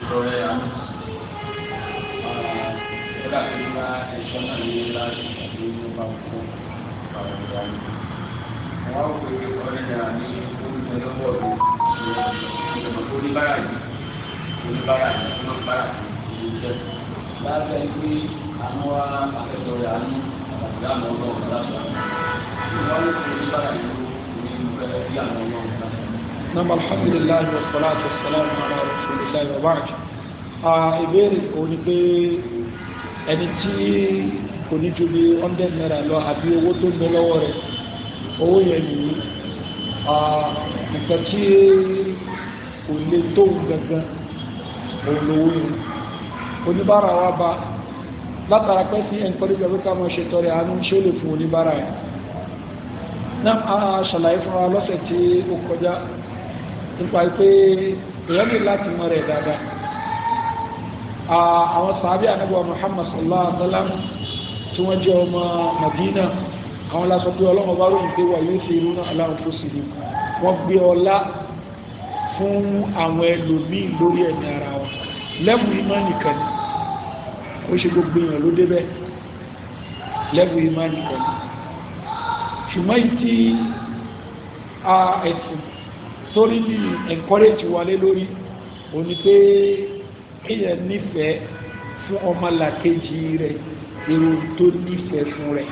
ìrọ̀rẹ́ yà ó dàbí nípa ẹ̀ṣọ́ náà ní ilá ìṣàkóso ní bá kó àwọn ìgbà yìí. wọ́n á pè é ọ̀rẹ́ náà ní oúnjẹ lọ́wọ́ rẹ̀ ìṣẹ̀lẹ̀ oníbàárà yìí oníbàárà yìí oníbàárà yìí jẹ́. lábẹ́ pé àwọn akẹ́kọ̀ọ́ rẹ̀ á ní àtàkùn àmọ́ ọlọ́run láti àwọn ìwọ́n ló fi oníbàárà yìí ní ìfẹ́ bí àwọn ọlọ́run láti. nàbàlhàmdùlilá rahmatullahi wa barakatuh ìbéèrè òun ni pé ẹni tí kò ní ju bí hundred naira lọ àbí owó tó ń bẹ lọ́wọ́ rẹ̀ owó yẹn nìyí nǹkan tí kò lè tó gangan òun lówó yẹn oníbàárà wa bá látara pé sí ẹnkọ́rí pẹ̀lú ká mọ̀ ṣe tọrẹ àánú ṣe lè fún oníbàárà ẹ̀ náà a ṣàlàyé fún wa lọ́sẹ̀ tí ó kọjá nípa pé èyàn ní láti mọ rẹ̀ dáadáa àwọn sàábí ànábì wa Muhammad sallallahu alaihi wa sallam tí wọ́n jẹ́ ọmọ Madina àwọn lásọ pé ọlọ́mọ bá ròyìn pé wà yóò fi irú náà aláwọ̀ tó sì rí wọ́n gbé ọlá fún àwọn ẹlòmíì lórí ẹ̀mí ara wọn lẹ́bù ìmánìkan ó ṣe gbogbo èèyàn ló débẹ̀ lẹ́bù ìmánìkan ṣùgbọ́n ìtí ẹ̀sìn torí ní encourage wálé lórí o ní pé èèyàn nífẹ̀ẹ́ fún ọmọlàkejì rẹ̀ èrò tó nífẹ̀ẹ́ fún rẹ̀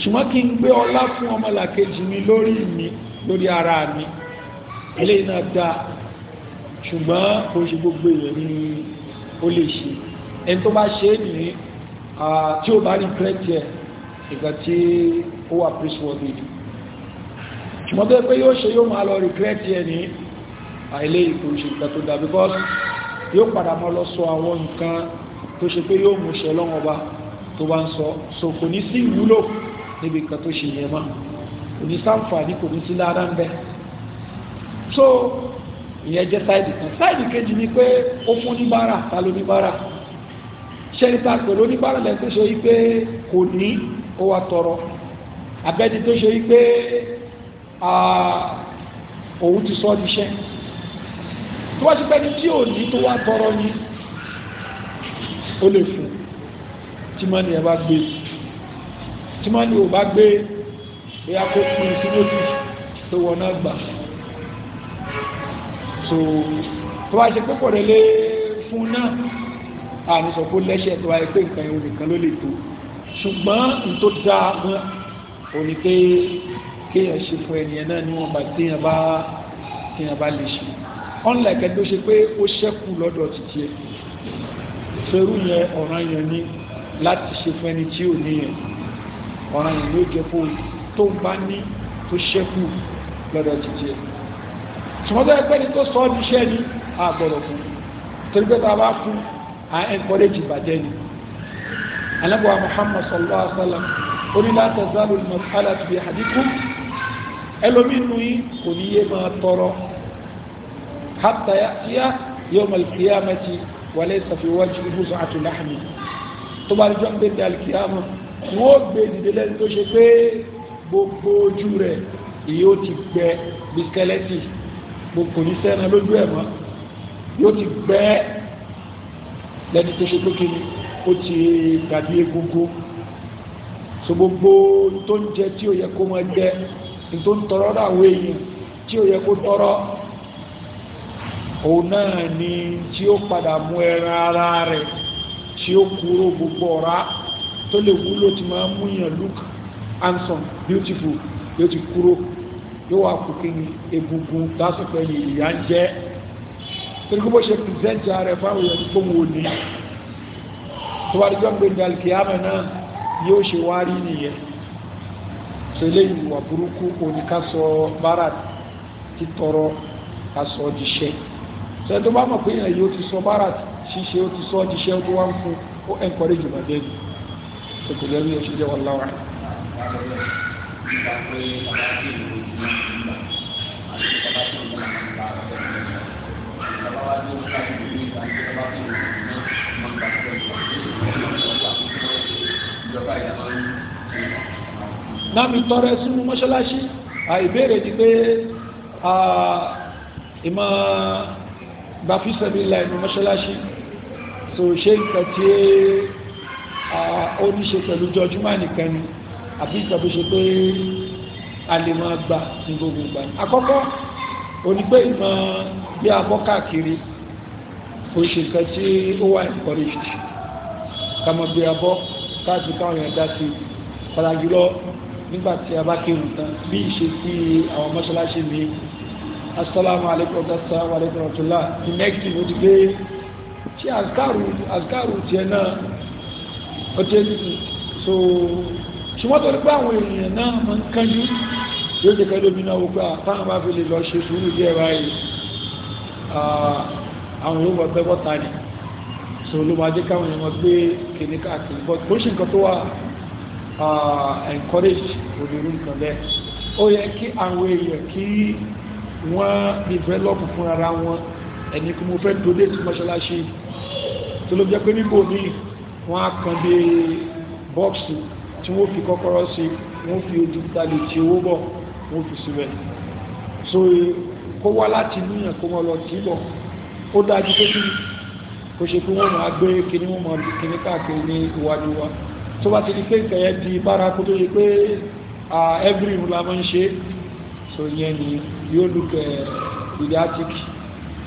ṣùgbọ́n kí n gbé ọlá fún ọmọlàkejì mi lórí mi lórí ara mi eléyìí náà dáa ṣùgbọ́n kò ṣe gbogbo èèyàn ní ó lè ṣe ẹni tó bá ṣe é nìyí tí ó bá rí pẹ́ẹ́tì ẹ̀ ìgbà tí ó wà praiseworthy ṣùgbọ́n tó yẹ pé yóò ṣe yóò máa lọ regret yẹ àìlé ìkò ìṣèkà tó dà because yóò padà mọ́ lọ sọ àwọn nǹkan tó ṣe pé yóò mú ṣe lọ́wọ́ bá tó bá ń sọ so kò ní sí ìwúlò níbi nǹkan tó ṣe yẹn mọ́ kò ní sáǹfààní kò ní sí lára ń bẹ́ so ìyẹn jẹ́ sáìdì kan sáìdì kejì ni pé ó fún níbàárà ta ló níbàárà ṣẹ́ni ta pẹ̀lú oníbàárà lẹ́yìn tó ṣe wípé kò ní ó wà tọrọ abẹ́ni tó ṣe wípé òun ti sọ níṣẹ́ tó wá sí pé ní tí ò ní tó wá tọrọ ní ó lè fún tí mọ́ ni ẹ bá gbé tí mọ́ ni ò bá gbé bóyá kó pín sí lójú tó wọ náà gbà so tó wá ṣe púpọ̀ rẹ̀ lé fún náà àmì sọ pé lẹ́ṣẹ̀ tó wáyé pé nǹkan ìwọ̀n nìkan ló lè tó ṣùgbọ́n n tó dáa gan òní pé kéèyàn ṣe fún ẹnìyàn náà níwọ̀n bá téèyàn bá téèyàn bá lè ṣe unlike ẹni tó ṣe pé ó ṣẹ́kù lọ́dọ̀ títí ẹ̀ fẹ́rù yẹn ọ̀ràn yẹn ní láti ṣe fún ẹni tí ò ní yẹn ọ̀ràn yẹn ló jẹ́ fún tó ń bá ní tó ṣẹ́kù lọ́dọ̀ títí ẹ̀ ṣùgbọ́n ẹgbẹ́ ni tó sọ ọ́ níṣẹ́ ni a gbọ́dọ̀ fún torí pé bá bá fún a encourage ìbàjẹ́ ni alábọ̀ Muhammad sallallahu alaihi wa sallam onílàtà zálù mọ̀tálà tìbí ẹlòmínú yìí kò ní yé máa tọrọ hatta ya'tiya yawm al-qiyamati wa laysa fi wajhihi sa'atun lahmi tó bá jọ ń gbé ní alkiyama wọ́n gbé dìde lẹ́nu tó ṣe pé gbogbo ojú rẹ̀ yóò ti gbẹ bí skeleton gbogbo ní sẹ́nà lójú ẹ̀ mọ́ yóò ti gbẹ lẹ́ni tó ṣe pé kí ó ti dàbí egungun so gbogbo tó ń jẹ tí ó yẹ kó máa jẹ tó ń tọrọ láwọn èèyàn tí ó yẹ kó tọrọ òun náà ni tí ó padà mú ẹran ara rẹ̀ tí ó kúrò gbogbo ọ̀rá tó lè wúlò tí máa mú yàn look handsome beautiful yóò ti kúrò yóò wà kú kí ni egungun lásìkò yìí ìyá ń jẹ́ torí kó bó ṣe pìrìsẹ́ǹtì ààrẹ fáwọn èèyàn tó ń wò tó wá rí jọ́ gbé ní alìkìyàmẹ̀ náà yóò ṣe wá nìyẹn so eléyìí wà burúkú òní ká sọ bára títọrọ ká sọ jíṣẹ́ so ẹni tó bá mọ̀ pé èèyàn yìí ó ti sọ bára ṣíṣe ó ti sọ jíṣẹ́ ó tó wá ń fún ó ẹnkọrí jùmọ̀ débi so kò lẹ́rú yẹn ṣe jẹ́ wọn láwọn. Thank you. náàmì tọrẹ sínú mọ́ṣáláṣí àìbéèrè ni pé ìmọ̀ gbafísẹ̀bílà inú mọ́ṣáláṣí so ṣe nǹkan tí ó ní ṣe pẹ̀lú jọjúmọ́ nìkan àbí nǹkan ṣe pé a lè máa gbà ní gbogbo ìgbà ni àkọ́kọ́ òní pé ìmọ̀ bí a bọ́ káàkiri kò ṣe nǹkan tí ó wà encouraged kàmọ́ bí a bọ́ káàkiri káwọn èèyàn dá sí padà jùlọ nígbàtí a bá kéwù tán bí ìṣe sí àwọn mọ́ṣáláṣí mi asọ́lámù alẹ́kọ̀ọ́ gásà alẹ́kọ̀ọ́ tọ́lá ló ti gbé tí àzkárù tiẹ̀ náà ó tẹ́ nìyí so ṣùgbọ́n tó ní pé àwọn èèyàn náà máa ń kánjú yóò jẹ́ kẹ́lẹ́ omi náà wọ́pẹ́ àtàwọn bá fi lè lọ ṣe sùúrù díẹ̀ báyìí àwọn yóò wọ́pẹ́ bọ́ta ni so ló máa jẹ́ káwọn èèyàn gbé kìnnìkà kìnnìkà kò ṣe nǹkan tó wà Uh, encourage onírú nǹkan bẹ́ẹ̀ ó yẹ kí àwọn èèyàn kí wọ́n develop fún ara wọn ẹni kí mo fẹ́ donate mọ́ṣáláṣí tó ló jẹ́ pé níbo ní wọ́n á kan dé bọ́ọ̀sì tí wọ́n fi kọ́kọ́rọ́ sí wọ́n fi ojú tàbí tí owó bọ̀ wọ́n fi síbẹ̀ so kó wá láti níyàn kó mọ́ lọ tí bọ̀ ó dájú pé kí kò ṣe pé wọ́n máa gbé kíní wọ́n máa kíní káàkiri ní iwájú wa. Niwa tó bá ti di pé nǹkan yẹn di bárakú tó yẹ pé every rule la máa ṣe so yẹn ni yóò look eh, idiotic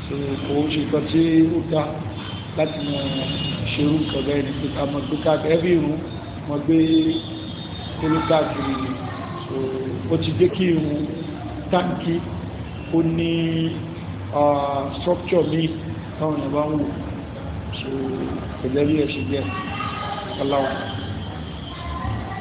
so kò ń ṣe nǹkan tí ó dá láti mọ ṣerú nǹkan bẹ́ẹ̀ ni pé ká mọ gbé káàkiri every rule mọ gbé kéré káàkiri so ó ti jẹ́ kí irun táǹkì ó ní structure míì táwọn èèyàn bá ń wò so kò jẹ́ bí ẹ̀ ṣe jẹ́ ọláwọ̀.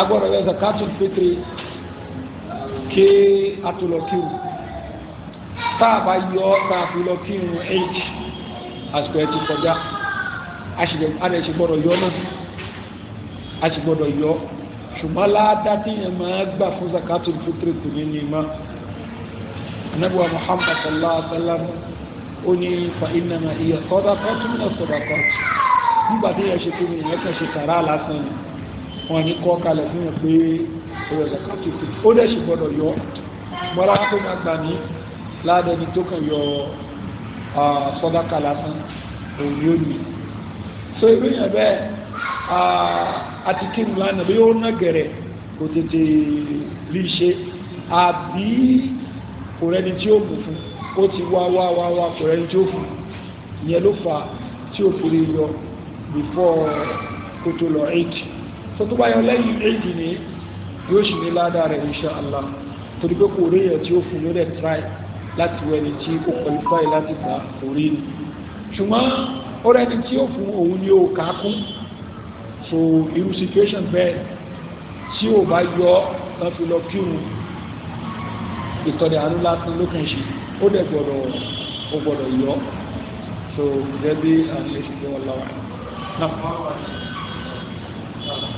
agbọ́dọ̀ yọ zakatul fitri kí a tó lọ kí wọn tá a bá yọ tá a fi lọ kí wọn eight àsìkò ẹ ti kọjá a sì gbọ́dọ̀ yọ náà a sì gbọ́dọ̀ yọ ṣùgbọ́n ládàá tí yẹn máa gbà fún zakatul fitri kò ní ní ma anabiwa muhammad sallallahu alaihi wa sallam ó ní fa innama iya sadaqatun min as-sadaqat nígbà tí yẹn ṣe kí ni yẹn kàn ṣe tààrà lásán ni wọn ní kọ́ kalẹ̀ fún yẹn pé ọ̀rọ̀ zakati fi ó dẹ̀ sì gbọ́dọ̀ yọ mọ́ra tó máa gbà ní ládẹni tó kàn yọ sọ́dáka lásán òun yóò ní so ibi yẹn bẹ́ẹ̀ àti kí nìlá náà bí ó ná gẹ̀rẹ̀ kò tètè rí ṣe àbí kò rẹni tí ó mú fún ó ti wá wá wá wá kò rẹni tí ó fún ìyẹn ló fà tí ò fi rí yọ before kó tó lọ 8 so tó bá yọ lẹ́yìn éèdì ni yóò ṣì ní ládàá rẹ̀ insha Allah torí pé kò rí èèyàn tí ó fún lórí ẹ̀ tíráì láti wọ ẹni tí kò qualify láti gbà orí ni ṣùgbọ́n ó rẹni tí ó fún òun ni ó kàákún so irú situation bẹ́ẹ̀ tí ò bá yọ tán fi lọ kírun ìtọ́dẹ̀ àánú láti lókàn ṣe ó dẹ̀ gbọ́dọ̀ ó gbọ́dọ̀ yọ so gẹ́gẹ́ bí àwọn ẹ̀ṣin tó wọ́n lọ́wọ́ náà.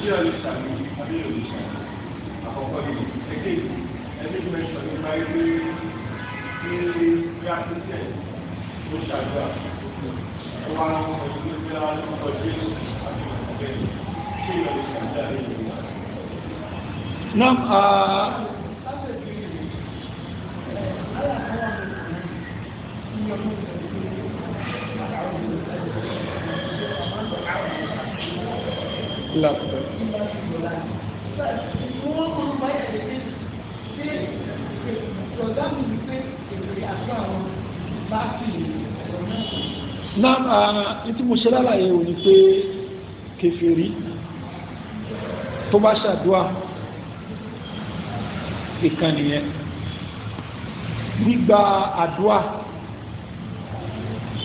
tí ọ̀ lè sàmì àbí ò lè sàmì àkọ́kọ́ ni ẹgbẹ́ ẹbí mẹ́sàn nípa ilé ní kíákíkẹ́ tó ṣàdúrà tó wá ń kọ́ sí pé wọ́n ń kọ́ sí àti ọ̀gbẹ́ tí ọ̀ lè sàmì lápẹ́. náà ah, tí mo ṣe lálàyé ò ní pé kèfèrí tó bá ṣàdúà ìkànnì gbígba àdúà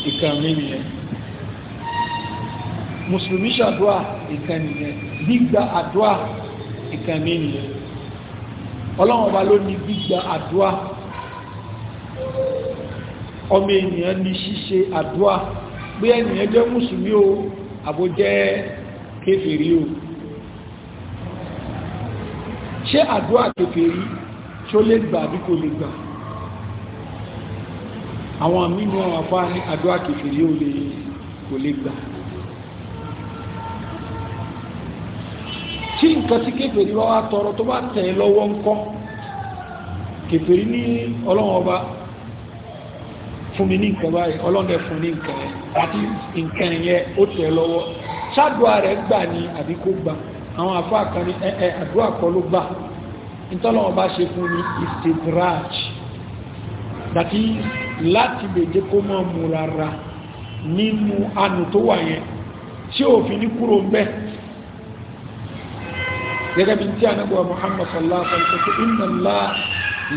ìkànnì mùsùlùmí ṣàdúà ìkan nìyẹn gbígba àdúà ìkan mi nìyẹn ọlọ́run ọba ló ní gbígba àdúà ọmọ ènìyàn ní ṣíṣe àdúà pé ènìyàn jẹ́ mùsùlùmí o àbò jẹ́ kèfèrí o ṣé àdúà kèfèrí tí ó lè gbà bí kò lè gbà àwọn mínú àwọn afá ní àdúà kèfèrí o lè kò lè gbà nǹkan tí kèfèrí bá wá tọrọ tó bá tẹ̀ lọ́wọ́ ńkọ́ kèfèrí ní ọlọ́wọ́n ọba fún mi ní nǹkan báyìí ọlọ́dẹ fún ní nǹkan yẹn àti nǹkan yẹn ó tẹ̀ lọ́wọ́ ṣáàdùá rẹ̀ gbà ní àbí kò gbà àwọn àfáà kan ní ẹ̀ẹ́ àdúrà kọ́ gbà ìtọ́lọ́wọ́n bá ṣe fún ní istidraj dàtí láti lè kó mọ́ mu rárá nínú anù tó wà yẹn tí òfin ní kúrò ń bẹ́ẹ̀ gẹ́gẹ́ bí tí anábọ̀ Muhammad sallallahu alaihi wa sallam inna Allah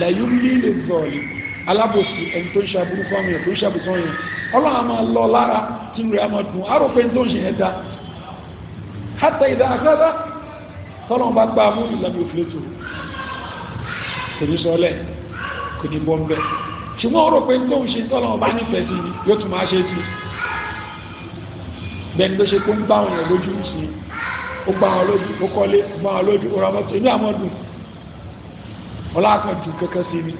la yumli liz-zalim alábòsí ẹni tó ń ṣàbùrú fún àwọn èèyàn tó ń ṣàbùrú fún àwọn èèyàn ọlọ́run a máa lọ lára tí rẹ̀ a máa dùn arọ́pẹ́ tó ń ṣe ẹ̀dá hátà ìdá àkádá tọ́lọ́n bá gbá mú ìlànà òfìlétò kò ní sọlẹ̀ kò ní bọ́m̀bẹ̀ ṣùgbọ́n arọ́pẹ́ tó ń ṣe tọ́lọ́n bá nífẹ̀ẹ́ sí yóò tún máa ṣe sí bẹ́ẹ̀ ni ló ṣe kó ń bá àwọn èèyàn lójú sí ó gbá wọn lójú ó kọ́lé ó gbá wọn lójú ó ra mọ́tò inú àwọn dùn ọlọ́kàn ju kẹ́kẹ́ sí mi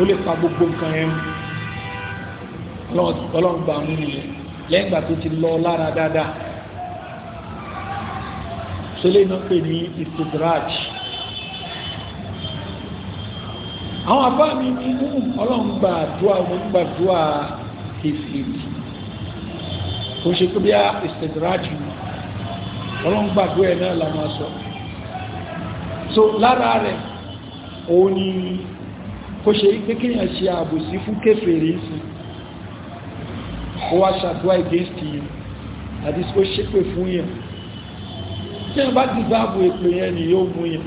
ó lè pa gbogbo nǹkan yẹn mu ọlọ́run gbà mú nìyẹn lẹ́yìn ìgbà tó ti lọ lára dáadáa ṣẹlẹ̀ iná pè ní istidraj àwọn àbá mi ti mú ọlọ́run dúà mo dúà kìfìlì kò ṣe pé bí a istidraj ọlọ́run gbàgbé ẹ̀ náà la máa sọ so lára rẹ̀ òun ni kò ṣe pé kéèyàn ṣe àbòsí fún kèfèrí sí ó wá ṣàdúrà against yìí àti ó ṣépè fún yẹn tí wọ́n bá dìsáàbò èpè yẹn ni yóò mú yẹn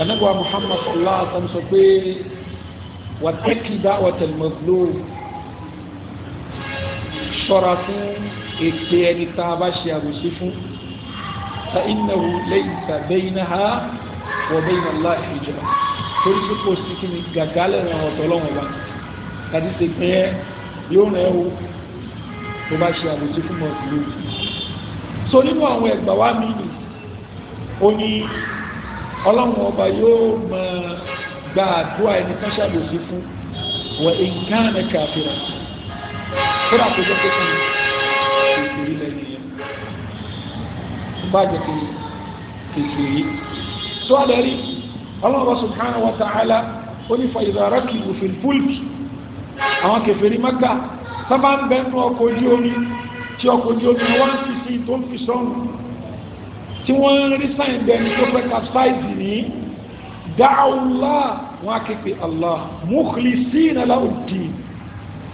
anagba muhammad sallallahu alaihi wasallam sọ pé wàtẹ́kì da'watal mazlum ṣọ́ra fún èpè ẹni tá a bá ṣe àbòsí fún ta innahu laysa bainaha wa baina Allah hijab torí pé kò sí kí ni gàgá lẹ́rìn àwọn ọ̀tọ̀ ọlọ́run wa tàbí ṣe pé ẹ yóò rẹ̀ o tó bá ṣe àbòsí fún mọ̀ so nínú àwọn ẹgbà wa mi nì ó ní ọlọ́run ọba yóò máa gba àdúrà ẹni kan ṣàbòsí fún wọ nǹkan ẹ̀ka àfihàn kódà kó pé kí ni. ìbájẹ́ kèfèrí tó àdẹ́rí Allah subhanahu wa ta'ala ó ní fàìzàrákì òfin fúlkì àwọn kèfèrí Mẹ́kà sábà ń bẹ́nu ọkọ̀ ojú omi tí ọkọ̀ ojú omi wọ́n sì sí tó ń fi sọ́nù tí wọ́n ń rí sáìn bẹni tó fẹ́ capsize ní dáàwùlá wọn aképe Allah mukhlisina lahu ddin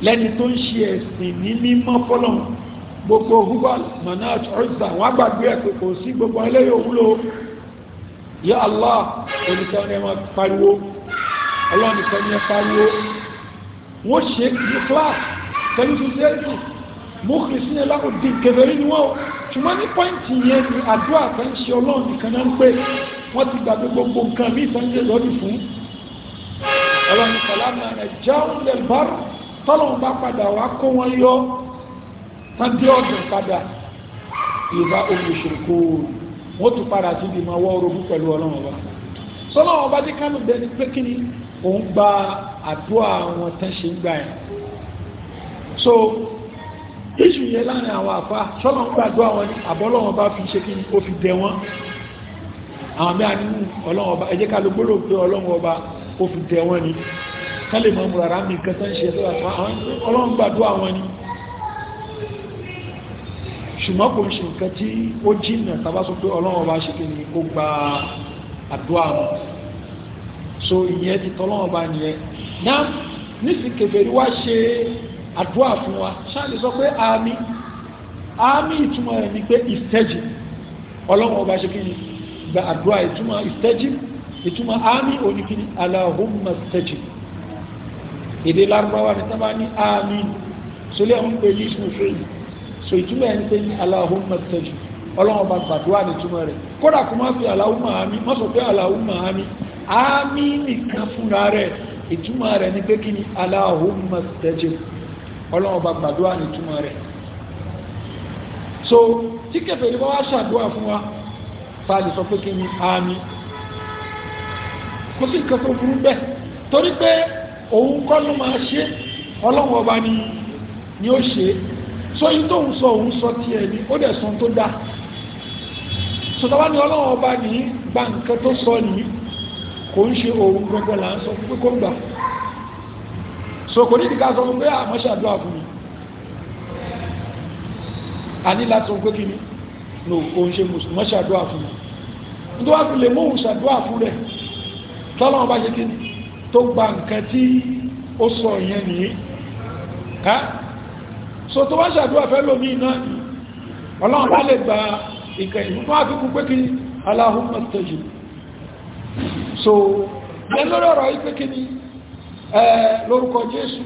lẹ́ni tó ń ṣe ẹ̀sìn ní mímọ́ fọ́lọ́run gbogbo hubal manat ọ̀rọ̀sà wọ́n gbàgbé ẹ̀kọ́ kò sí gbogbo ẹlẹ́yìn òwúlò ya allah oníkan ní ẹmọ pariwo allah nìkan ní ẹ pariwo wọ́n ṣe ní class pẹ̀lú sincerity mọ́kìlì sí ẹ láwọn dín kẹfẹ́rí ni wọ́n ṣùgbọ́n ní pọ́ìntì yẹn ni àdúrà fẹ́ ń ṣe ọlọ́run nìkan náà ń ti gbàgbé gbogbo nǹkan mí ìfẹ́ǹdé lọ́dún fún ọlọ́run kàlámà nàìjíríà ń lẹ̀ bá tọ́lọ́run bá padà wá kó wọn yọ wọ́n dé ọ̀dọ̀ padà ìbá olùṣèkó wọ́n tún padà sí ibi máa wọ́ orogún pẹ̀lú ọlọ́run ọba sọ́nà ọba dé kánú bẹ́ẹ̀ ni pé kí ni òun gba àdúrà àwọn tán ṣe ń gbà ẹ̀ so iṣu yẹn láàrin àwọn àfa sọ́nà ń gbàdúrà wọn ni àbọ́lọ́wọ́n bá fi ṣe kí ni ó fi dẹ wọ́n àwọn bí a ní ọlọ́run ọba ẹjẹ́ ká ló gbọ́dọ̀ pé ọlọ́run ọba ó fi dẹ wọ́n ni ká lè mọ̀ mú rárá mi nǹkan tán ṣe lọ́wọ́ àwọn ọlọ́run gbàdúrà wọn ni ṣùgbọ́n kò ń ṣe nǹkan tí ó jìnà tàbá sọ pé ọlọ́run ọba ṣe kìíní ó gba àdúrà mọ́ so ìyẹn ti tọ́lọ́run ọba nìyẹn náà nísìnyí kèfèrí wá ṣe àdúrà fún wa ṣáàlì sọ pé àmì àmì ìtumọ̀ rẹ̀ ni pé ìstẹ́jì ọlọ́run ọba ṣe kìíní gba àdúrà ìtumọ̀ ìstẹ́jì ìtumọ̀ àmì oníkìíní Allahumma ìstẹ́jì ni tábà ní àmì sólẹ́ àwọn pè ní so ìtumọ̀ ẹni pé ní aláhùnmọ̀ tẹ̀jú ọlọ́wọ́n bá gbàdúrà ní túmọ̀ rẹ̀ kódà kó má fi aláhùnmọ̀ àmì má sọ pé aláhùnmọ̀ àmì àmì nìkan fúnra rẹ̀ ìtumọ̀ rẹ̀ ní pé kí ni aláhùnmọ̀ tẹ̀jú ọlọ́wọ́n bá gbàdúrà ní túmọ̀ rẹ̀ ni ó ṣe so yìí tó ń sọ òun sọ tiẹ̀ ni ó dẹ̀ sọ́n tó dá sọtaba ni ọlọ́run ọba ní gba nǹkan tó sọ ní kò ń ṣe òun gbogbo là ń sọ pé kó ń gbà so kò ní ti ká sọ pé àmọ́ ṣàdúrà fún mi a láti sọ pé kí ni no kò ń ṣe mùsùlùmọ́ ṣàdúrà fún mi nítorí wàá fi lè mú òun ṣàdúrà fún rẹ̀ tọ́lọ́run ọba ṣe kí ni tó gba nǹkan tí ó sọ yẹn nìyí so tó wá ṣàdúrà fẹ́ lómi náà ni ọlọ́run bá lè gba ìkẹ́ ìfúnfún àkíkú pé kí Allahumma stajib so lẹ́lórí ọ̀rọ̀ yìí kí ni lórúkọ Jésù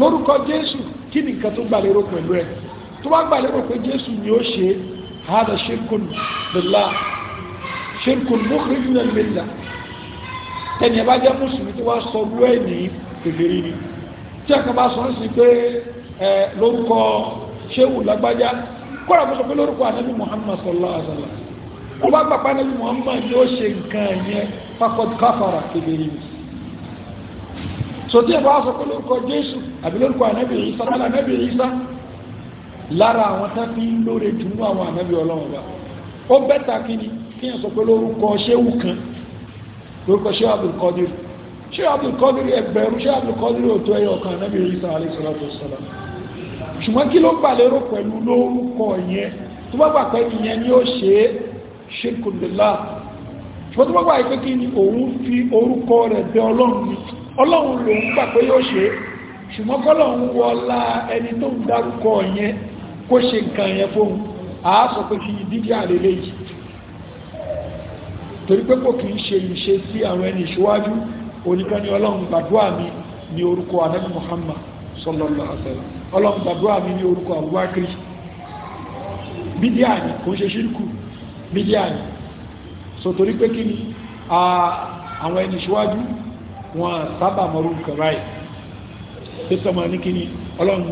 lórúkọ Jésù kí ni nǹkan tó gbàlérò pẹ̀lú ẹ̀ tó wá gbàlérò pé Jésù ni ó ṣe hada shirkun billah shirkun mukhrij min al-millah ẹni ẹ bá jẹ́ mùsùlùmí tó wá sọ rú ẹ̀ ní kékeré ni tí ẹ̀kan bá sọ ń sin pé lórúkọ ṣéwù lágbájá kọ́ra kó sọ pé lórúkọ anábì muhammad sallallahu alaihi bá gbàgbá anábì muhammad yóò ṣe nǹkan yẹn fakọd káfàrà kébèrè mi ẹ̀ bá sọ pé lórúkọ jésù àbí lórúkọ anábì isa anábì isa lára àwọn tá fi ń lóore jù àwọn anábì ọlọ́run wa ó kí ni kí lórúkọ ṣéwù kan lórúkọ ẹyọ kan isa alayhi salatu ṣùgbọ́n kí ló gbà lérò pẹ̀lú lórúkọ yẹn tó bá gbà pé ìyẹn ni ó ṣe é ṣe kò lè láà ṣùgbọ́n tó bá gbà pé kí ni òun fi orúkọ rẹ̀ bẹ ọlọ́run ni ọlọ́run lòun gbà pé yóò ṣe é ṣùgbọ́n kọ́lọ̀un wọlá ẹni tó ń dárúkọ yẹn kó ṣe nǹkan yẹn fóun àásọ pé kí dídí àlélé yìí torí pé kò kìí ṣe ìṣe sí àwọn ẹni ìṣíwájú oníkan ni ọlọ́run gbàdúrà mi ní orúkọ ànábì Muhammad sọlọ́lọ́ àṣẹlá ọlọ́run gbàdúrà mi ní orúkọ àbúwákiri bídíà ni kò ń ṣe ṣírkù bídíà ni so torí pé kí ni àwọn ẹni ṣíwájú wọn sábà mọ̀rú nǹkan báyìí pẹ́sọ́ ma ní kí ni ọlọ́run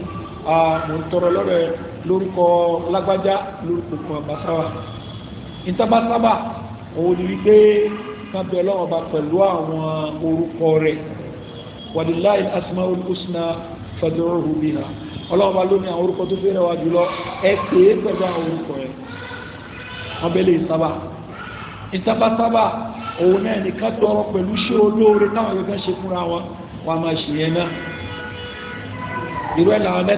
mò ń tọrọ lọ́rẹ̀ lórúkọ lágbájá lórúkọ kan àbásáwà ìtàbásábà òun ni wípé kábí ọlọ́run ọba pẹ̀lú àwọn orúkọ rẹ̀ wàdíláì asmaul husna fad'uhu biha ọlọ́ọ̀bá ló ní àwọn orúkọ tó fẹ́rẹ̀ wá jùlọ ẹ pè é pẹ̀lú àwọn orúkọ ẹ̀ abẹ́lé sábà ìtaba sábà òun náà nìkan tọrọ pẹ̀lú ṣé olóore náà yóò gán ṣe fúnra wọn wà máa ṣe yẹn náà irú ẹ̀ làwọn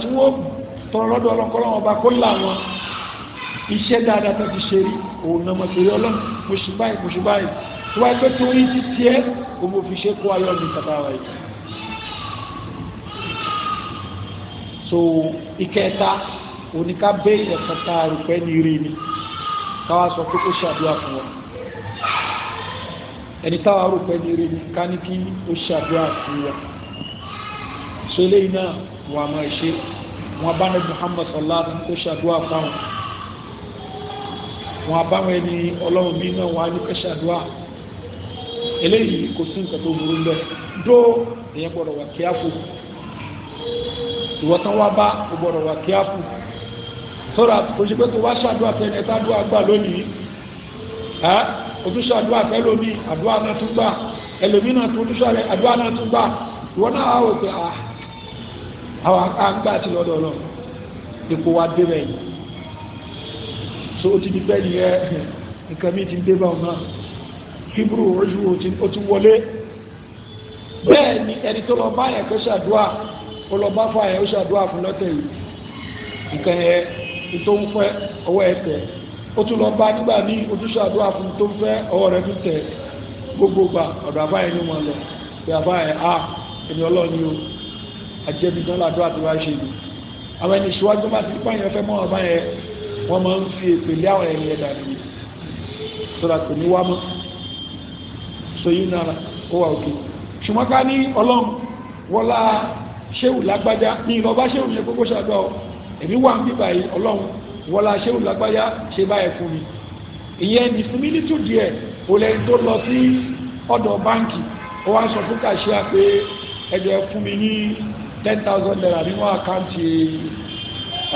tí wọ́n tọrọ lọ́dọ̀ ọlọ́kọ́lọ́wọ́ ọba kó láwọn iṣẹ́ dáadáa tó ti ṣe rí òun náà mọ̀ torí ọlọ́run mo ṣì báyìí mo ṣì báyìí tó wáyé pé tó rí sí tiẹ́ o mo fi ṣe kó ayọ́ mi tàbá wa so ìkẹta oníká bẹ́ ẹ̀kan tá a rò pẹ́ ní rí ni káwá sọ pé ó ṣàdúrà fún wa ẹni táwa rò pẹ́ ní rí ni ká ní kí ó ṣàdúrà fún wa so eléyìí náà wà máa ṣe wọn bá ní Muhammad sallallahu alaihi wasallam tó ṣàdúrà fáwọn wọn bá wọn ẹni ọlọ́run mi náà wá ní pẹ́ ṣàdúrà eléyìí kò sí nǹkan tó burú bẹ́ẹ̀ dó èyàn gbọ́dọ̀ wà kíáfù ìwọ̀tán wá bá o gbọ́dọ̀ wà kíáfù sọ́ra kò ṣe pé tó wá ṣàdúrà fẹ́ ní ẹ̀ta àdúrà gbà lónìí ẹ́ o tún fẹ́ lómi àdúrà náà tún gbà ẹlòmí tún ṣàdúrà náà tún gbà ìwọ náà wá wò pé ah àwọn agbá àti lọ́dọ̀ náà ipò wa dé yìí so ó ti di bẹ́ẹ̀ nìyẹn nǹkan mi ti dé bá hebrew ojú ó ti wọlé bẹ́ẹ̀ ni ẹni tó lọ bá yẹn kó ṣàdúrà ó lọ bá fà yẹn ó ṣàdúrà fún lọ́tẹ̀ yìí nǹkan yẹn tó ń fẹ́ ọwọ́ ẹ tẹ̀ ó tún lọ bá nígbà ní ojúṣe àdúrà fún tó ń fẹ́ ọwọ́ rẹ fi tẹ̀ gbogbo gbà ọ̀dọ̀ àbáyé ló mọ̀ lọ pé àbáyé a ah, èmi ọlọ́ọ̀ni o àjẹbí tán làdó àti wá ṣe ni àwọn ẹni ìṣíwájú máa ti pààyàn fẹ́ mọ́ ọ̀bá yẹn wọ́n máa ń fi èpèlé àwọn ẹni ẹ̀dà nìyí sọ́dà kò ní wá mọ́ so yìí náà ó wà òkè ṣùgbọ́n ká ní ọlọ́run wọlá ṣéwù lágbájá ní ìlọ́bá ṣéwù yẹn gbogbo ṣàdọ́ ẹ̀mí wà ń bíbà yìí ọlọ́run wọlá ṣéwù lágbájá ṣe báyẹ̀ fún mi ìyẹn ní similitude díẹ̀ ò lẹ́yìn tó lọ sí ọ̀dọ̀ báńkì ó wá sọ fún kàṣíà pé ẹ̀dọ̀ fún mi ní ten thousand naira nínú àkáǹtì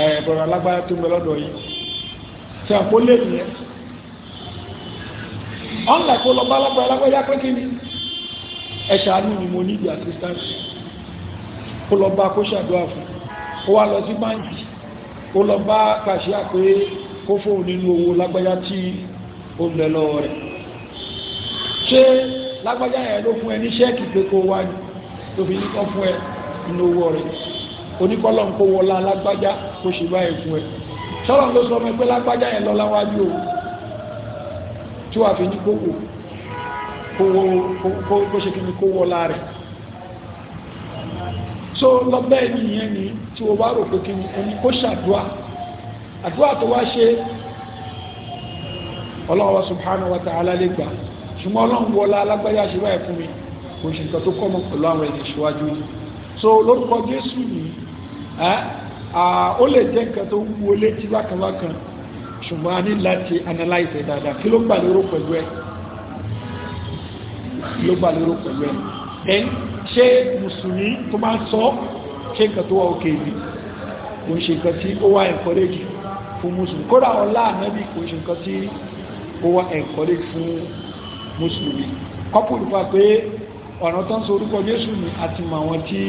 ẹ̀bọ̀rọ̀ alágbára tó ń bẹ lọ́dọ̀ yìí tí àpò lè nìyẹn ọ̀nà kó lọ bá alágbára alágbára yá pé kí ni ẹ̀ṣà ni ni mo níbi assistance kó lọ bá kó ṣàdúrà fún kó wá lọ sí báńkì kó lọ bá kàṣíà pé kó fóun nínú owó lágbájá tí ó ń bẹ lọ́wọ́ rẹ̀ ṣé lágbájá yẹn ló fún ẹ ní ṣẹ́ẹ̀kì pé kó wá ní tó ní kọ́ fún ẹ inú owó rẹ̀ oníkọ́lọ̀ ń kó wọlá lágbájá kó ṣe báyìí fún ẹ sọ́lọ̀ ló sọ ọmọ lágbájá yẹn lọ láwájú o tí wàá fi ní kó kó ṣe kí ni kó wọlá rẹ̀ so lọ́bẹ̀ nìyẹn ni tí o bá rò pé kí ni ẹni kó ṣàdúà àdúà tó wá ṣe ọlọ́wọ́ subhanahu wa ta'ala lè gbà ṣùgbọ́n ọlọ́run wọlá lágbájá ṣe báyìí fún mi kò ṣe nǹkan tó kọ́ mọ́ pẹ̀lú àwọn ẹ̀dẹ̀ ṣíwájú yìí so lórúkọ jésù yìí ó lè jẹ́ nǹkan tó wúwo létí bákanbákan ṣùgbọ́n a ní láti analyze ẹ̀ dáadáa kí ló gbà lérò pẹ̀lú ẹ̀ kí ló gbà lérò pẹ̀lú ẹ̀ then ṣé mùsùlùmí tó máa sọ ṣé nǹkan tó wà òkè yìí kò ń ṣe nǹkan tí ó wà encourage fún mùsùlùmí kódà ọlá ànábì kò ń ṣe nǹkan tí ó wà encourage fún mùsùlùmí kọ́pù nípa pé ọ̀nà tó ń sọ orúkọ Jésù ni àti mọ àwọn tí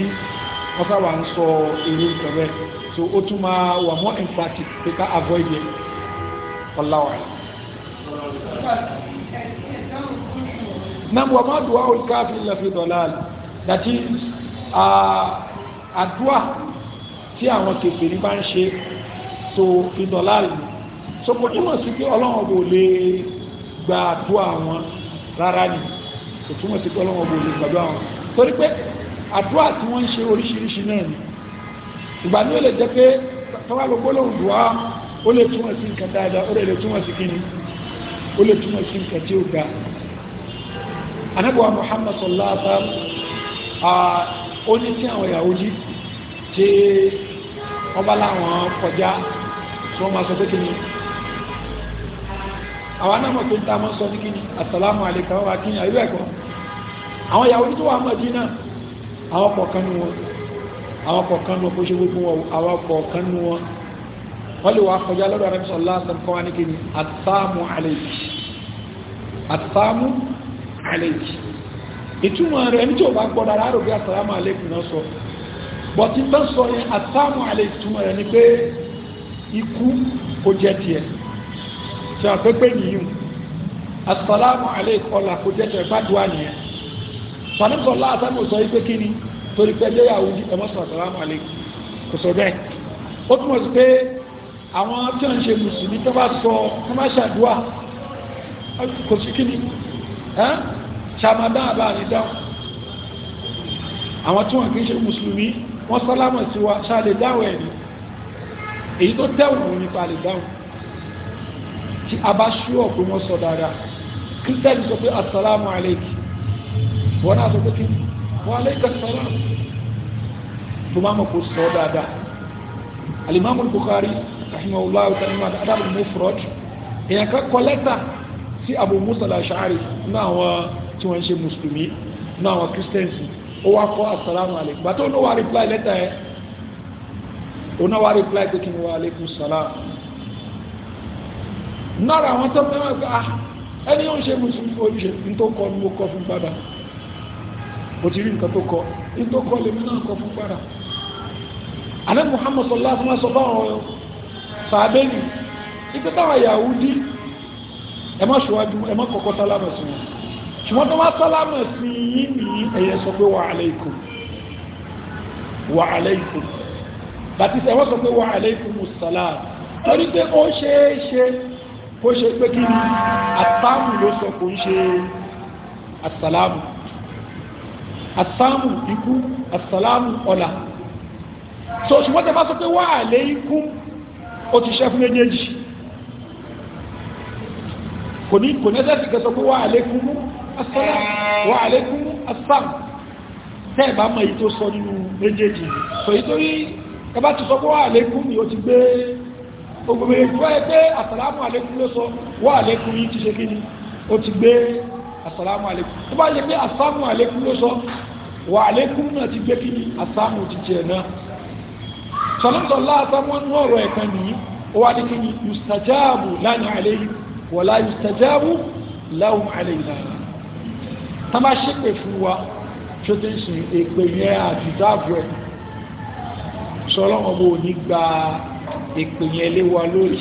wọ́n sábà ń sọ èrè nǹkan bẹ́ẹ̀ so ó tún máa wà mọ́ emphatic pé ká avoid yẹn ọ̀làwà. náà wọ́n máa dùn àwọn olùkọ́ illa fi dalal that is àdúà tí àwọn kèfèrí bá ń ṣe so fi dalal so kò túmọ̀ sí pé Ọlọ́run kò lè gba àdúà wọn rárá nìyí kò túmọ̀ sí pé ọlọ́wọ́ bò lè gbàdúrà wọn torí pé àdúrà tí wọ́n ń ṣe oríṣiríṣi náà ni ìgbà ní ó lè jẹ́ pé tọ́wọ́ ló gbólóhùn dùá ó lè túmọ̀ sí nǹkan dáadáa ó lè túmọ̀ sí kíni ó Muhammad sallallahu alaihi wasallam ó ní tí àwọn Yahudi tí wọ́n bá láwọn kọjá tí wọ́n máa sọ pé kíni àwọn anámọ̀ tó ń ta mọ́ sọ ní kíni assalamu alaikum wa kíni àyíwẹ̀ kan àwọn ìyàwó tó wà Mẹ́dínà àwọn kọ̀ọ̀kan ní wọn àwọn kọ̀ọ̀kan ní wọn kó ṣe gbogbo wọn àwọn kọ̀ọ̀kan ní wọn wọ́n lè wà kọjá lọ́dọ̀ Ànábì sallallahu alaihi wasallam wá ní kí ni àtàmù àlejì àtàmù àlejì ìtumọ̀ rẹ̀ ní tí ò bá gbọ́ dára àrò bí àsàlámù àlékún náà sọ bọ̀tí tán sọ yẹn àtàmù àlejì túmọ̀ rẹ̀ ni pé ikú kò jẹ́ tiẹ̀ tí a pẹ́pẹ́ nìyí àsàlámù àlékún ọ̀là kò jẹ́ tiẹ̀ gbádùá nìyẹn sọ̀nìkọ̀ láàtàn ò sọ yí pé kíni torí pé ẹjẹ́ yàwó di ẹmọ́ sàlámù aláìkùm kò sọ bẹ́ẹ̀ ó túmọ̀ sí pé àwọn tí wọ́n ń ṣe mùsùlùmí tó bá sọ tó bá ṣàdúà kò sí kíni ṣàmàdá àbá àrídáhùn àwọn tí wọ́n kìí ṣe mùsùlùmí wọ́n sálámà sí wa ṣáàlè dáhùn ẹ̀rí èyí tó dẹ̀wùn nípa lè dáhùn tí a bá ṣúọ̀ pé wọ́n sọ dáadáa kírísítẹ́nì wọ́n náà sọ pé kí ni wọ́n alẹ́ ìkàtàrà tó máa mọ̀ kó sọ dáadáa alimami Bukhari rahimahullah ta'ala adab al-mufrad èèyàn kan kọ lẹ́tà sí Abu Musa al-Ash'ari náà wọn tí wọ́n ń ṣe mùsùlùmí náà wọn christians ó wá kọ́ assalamu alaikum bàtà ó wá reply pé kí ni wa alaikum salam náà àwọn tó fẹ́ràn ah, ẹni ó ṣe mùsùlùmí oníṣe tó kọ́ ní mo fún padà mo ti rí nǹkan tó kọ ní tó kọ lèmi náà kọ fún padà alẹ́ Muhammad sọlá fún wa sọ fáwọn sàbẹ́ni ipe táwọn Yahudi ẹ má ṣíwájú ẹ má kọ́kọ́ sálámà sí wọn ṣùgbọ́n tó má sálámà sí yí nìyí ẹ̀yẹ sọ pé wa alaykum wa alaykum bàtí sẹ́wọ́n sọ pé wa alaykumus salam torí pé ó ṣeé ṣe kó ṣe pé kí ni àtàmù ló sọ kò ń ṣe àsàlámù asáàmù ikú asàlámù ọ̀la so ṣùgbọ́n tẹ bá sọ pé wà lé ikú ó ti ṣẹ́ fún méjèèjì kò ní kò ní ẹsẹ̀ kẹsọ pé wà lé kún asàlámù wà lé kún asáàmù tẹ́ ẹ̀ bá mọ èyí tó sọ nínú méjèèjì sọ èyí tó rí ẹ ti sọ pé wà lé kún ni ti gbé ogbòmìnira ìfúwẹ́ pé asàlámù àlékún ló sọ wà lé kún yìí ti ṣe kí ni ó ti gbé asalaamu aleykum tó bá yẹ pé asalaamu aleykum ló sọ wà aleykum náà ti gbé kí ni asalaamu ti tiẹ̀ náà sọlọ́sọ̀lá asalaamu nú ọ̀rọ̀ ẹ̀kan nìyí ó wá ní kí ni yustajabu lana aleyhi wala yustajabu lahum aleyhi lana tá bá ṣépè fún wa tó ti ń sìn èpè yẹn àtijọ́ àbúrò ẹ̀ sọlọ́wọ́n bò ní gba èpè yẹn léwa lórí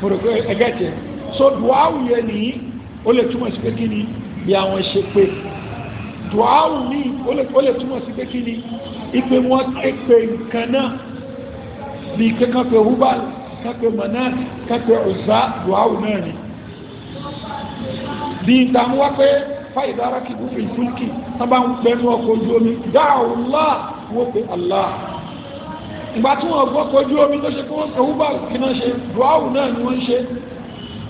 mo rò pé ẹgẹ́ tẹ̀ so dùn áwùyẹ nìyí ó lè túmọ̀ sí pé kí ni bí àwọn ṣe pé dùáwù ní ó lè túmọ̀ sí pé kí ni ipe wọn képe nǹkan náà bí kankan pé hubal kankan manat kankan ọ̀zá dùáwù náà ni bí ìtàn wá pé fáìdára kìbú fi fúlkì tán bá ń pẹ̀lú ọkọ̀ ojú omi dáàwùlá náà ni wọ́n ṣe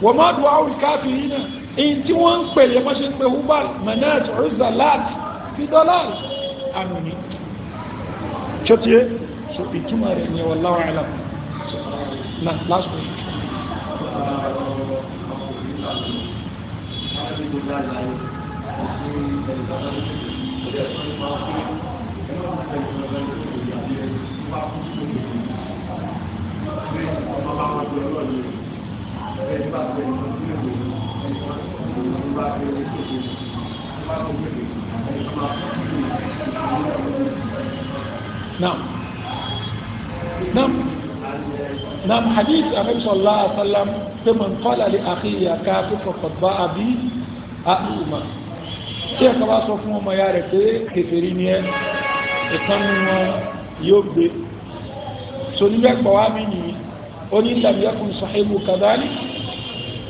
wọ́n má dùáwù káàfì yìí náà èyí tí wọ́n ń pè yẹn mọ́ṣẹ́ pé hubal manat uzza lat fi dalal àmì ní ṣọ́tíyé so ìtumọ̀ rẹ̀ ní wallahu a'lam na last week Thank you. نعم نعم نعم حديث النبي صلى الله عليه وسلم فمن قال لأخيه يا كافر فقد باء بي أئمة كيف خلاص وفهم ما يعرف كفرين يتم يبدي سنبك بوامني أني لم يكن صاحبه كذلك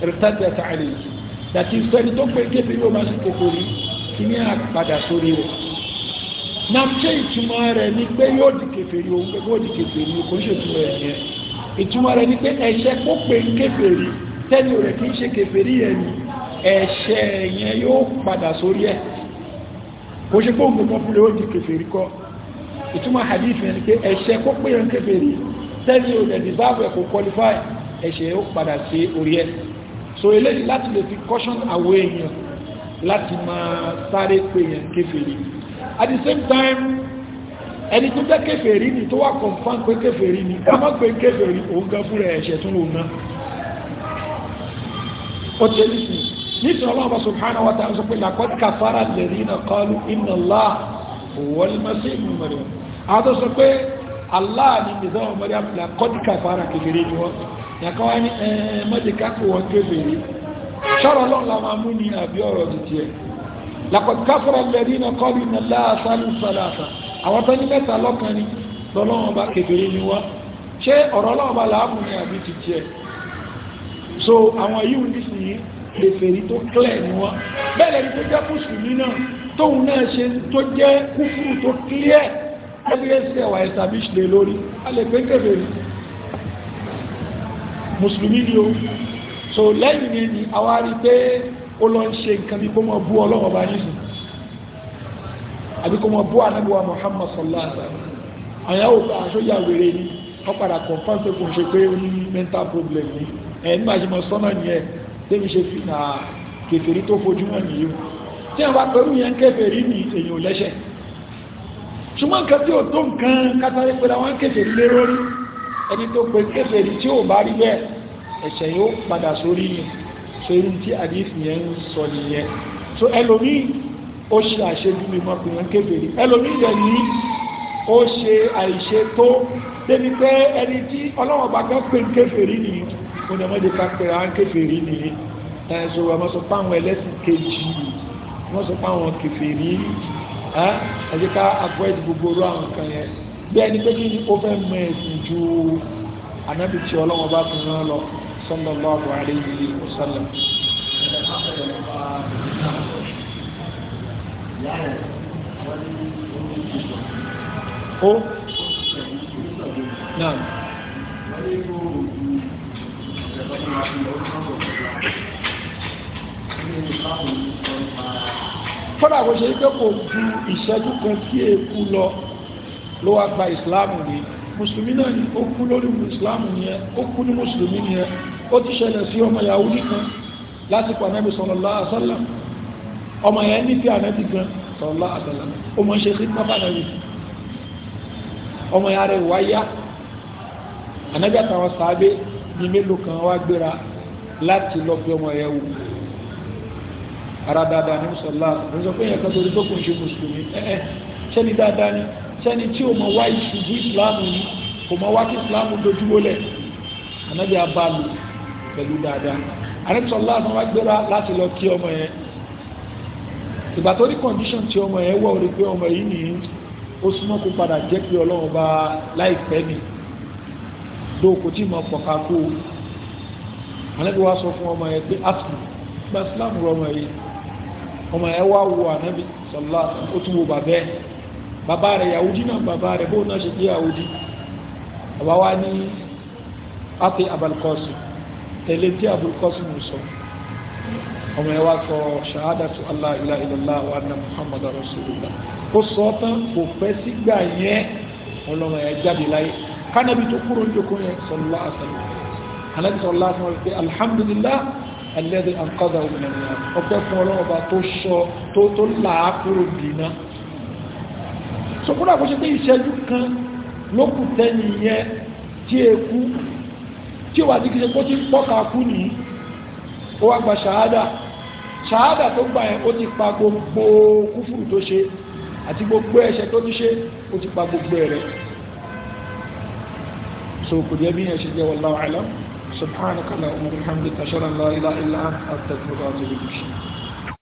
ارتدت عليه dàtí sẹ́ni tó pé kébì yóò máa ṣe kékeré kí ní àpadà sórí rẹ̀ náà ṣe ìtumọ̀ rẹ̀ ni pé yóò di kèfèrí òun pé yóò di kèfèrí kò ṣe ìtumọ̀ rẹ̀ yẹn ìtumọ̀ rẹ̀ ni pé ẹ̀ṣẹ̀ kó pé kèfèrí tẹ́lẹ̀ rẹ̀ kì í ṣe kèfèrí yẹn ni ẹ̀ṣẹ̀ yẹn yóò padà sórí ẹ̀ kò ṣe pé òun pọ̀pùlẹ̀ ó di kèfèrí kọ́ ìtumọ̀ hadith yẹn ni pé ẹ̀ṣẹ̀ kó pé yẹn kèfèrí tẹ́lẹ̀ rẹ̀ dìbáàbẹ̀ kò qualify ẹ̀ṣẹ̀ yóò padà sí orí ẹ̀ so eléyìí láti lè fi caution àwọn èèyàn láti máa sáré pé èèyàn kèfèrí at the same time ẹni tó jẹ́ kèfèrí ni tó wà confam pé kèfèrí ni ká má pé kèfèrí òun gan fúnra ẹ̀ṣẹ̀ tún lòun náà ó ti ẹni sìn nítorí ọlọ́run bá subhanahu wa ta'ala sọ pé laqad kafara alladhina qalu inna Allaha huwa al-masih ibn Maryam àwọn tó sọ pé Allah ni nìzọ́ ọmọdé àpìlà laqad kafara kèfèrí ni wọ́n yàkọ́ wá ní ẹ̀ẹ́mọ́dé kápò wọn kébèrè ṣọ́rọ̀ lọ́n la máa mú ní àbí ọ̀rọ̀ títí ẹ̀ laqad kafara alladhina qalu inna Allaha thalithu thalatha àwọn tó ní mẹ́ta lọ́kan ni lọ́lọ́wọ́n bá kébèrè ni wá ṣé ọ̀rọ̀ lọ́wọ́n bá làámù ní àbí títí ẹ̀ so àwọn yìí nísìnyí kèfèrí tó clear ni wá bẹ́ẹ̀ lẹ́ni tó jẹ́ mùsùlùmí náà tóun náà ṣe tó jẹ́ kúfùrù tó clear ẹgbẹ́ sí ẹ̀wà establish lé lórí a lè pé kébèrè mùsùlùmí ni o so lẹ́yìn yẹn ni àwa rí pé ó lọ ń ṣe nǹkan bí kó mọ bú ọlọ́run ọba yìí sùn àbí kó mọ bú anábíwá Muhammad sallallahu alaihi wa sallam àyàwó àṣọyà wèrè ni wọ́n padà confam pé kò ṣe pé ó ní mental problem ni ẹ̀ nígbà tí mo sọ́nà nìyẹn débi ṣe fi nà kèfèrí tó fojú wọn nìyí o tí wọ́n bá pẹ̀lú yẹn kèfèrí ni èèyàn ò lẹ́ṣẹ̀ ṣùgbọ́n nǹkan tí ò tó nǹkan kátàrí pé àwọn kèfèrí lé lórí ẹni tó pe kéfèrí tí ò bá rí bẹ́ẹ̀ ẹ̀ṣẹ̀ yóò padà sórí yìí so irú tí àdífì yẹn ń sọ nìyẹn so ẹlòmíì ó ṣe àṣejú mi mọ́ pé wọ́n kéfèrí ẹlòmíì dẹ̀ ní ó ṣe àìṣe tó débi pé ẹni tí ọlọ́wọ́ bá kọ́ pé kéfèrí nìyí mo dẹ̀ mọ́dé ká pé àwọn kéfèrí nìyí ẹ̀ṣọ́ wọn sọ páwọn ẹlẹ́sìn kejì wọ́n sọ páwọn bí ẹni pé kí ó fẹ́ mọ ẹ̀sìn ju anábì tí ọlọ́wọ́n bá fi rán lọ sallallahu alayhi wa sallam. ó náà kódà kò ṣe pé kò ju ìṣẹ́jú kan sí èkú lọ ló wá gba ìsìláàmù ni mùsùlùmí náà ni ó kú lórí ìsìláàmù nìyẹn ó kú ní mùsùlùmí nìyẹn ó ti ṣẹlẹ̀ sí ọmọ ìyàwó nìkan láti pa anábì sallallahu alaihi wasallam ọmọ yẹn ní fi anábì gan sallallahu alaihi wasallam ó mọ̀ ṣe sí pápá anábì ọmọ ìyá rẹ̀ wáyá anábì àtàwọn sàábé ní mélòó kan wá gbéra láti lọ bí ọmọ sẹ́ni tí o mọ̀ wá ìṣubú ìsìláàmù yìí kò mọ̀ wá kí ìsìláàmù dojúmọ́lẹ̀ anábì abálù pẹ̀lú dáadáa àrẹ́sọ̀lá àwọn wá gbéra láti lọ kí ọmọ yẹn ìgbà tó ní condition tí ọmọ yẹn wọ̀ rí pé ọmọ yìí nìyí ó súnmọ́ kó padà jẹ́ pé ọlọ́run bá láìpẹ́ mi ló kò tí mọ̀ pọ̀ká kú anábì wá sọ fún ọmọ yẹn pé asùn gba ìsìláàmù rọ ọmọ yìí ọmọ yẹn wá wo ànábì ó tún wo bàbá bàbá rẹ̀ yahudi náà bàbá rẹ̀ bóun náà ṣe jẹ́ yahudi bàbá wa ní àti abalkọ́sì tẹ̀lé tí abalkọ́sì mú sọ ọmọ ẹ wá sọ ṣahadatu allah ilaha illallah wa anna muhammadu rasulullah ó sọ tán kò fẹ́ sígbà yẹn ọlọ́mọ ẹ jáde láyé kánábi tó kúrò sọkúrò àkóṣe pé ìṣẹ́jú kan ló kù tẹ́ni yẹn tí e kú tí ó wà ní kíṣe kó ti pọ́ka kú ní ó wá gba ṣàhádà ṣàhádà tó gbà yẹn ó ti pa gbogbo kúfùrù tó ṣe àti gbogbo ẹ̀ṣẹ̀ tó ti ṣe ó ti pa gbogbo ẹ̀rẹ́ so bí yẹn jẹ́ wallahu alam subhanaka allahumma wa bihamdika ashhadu an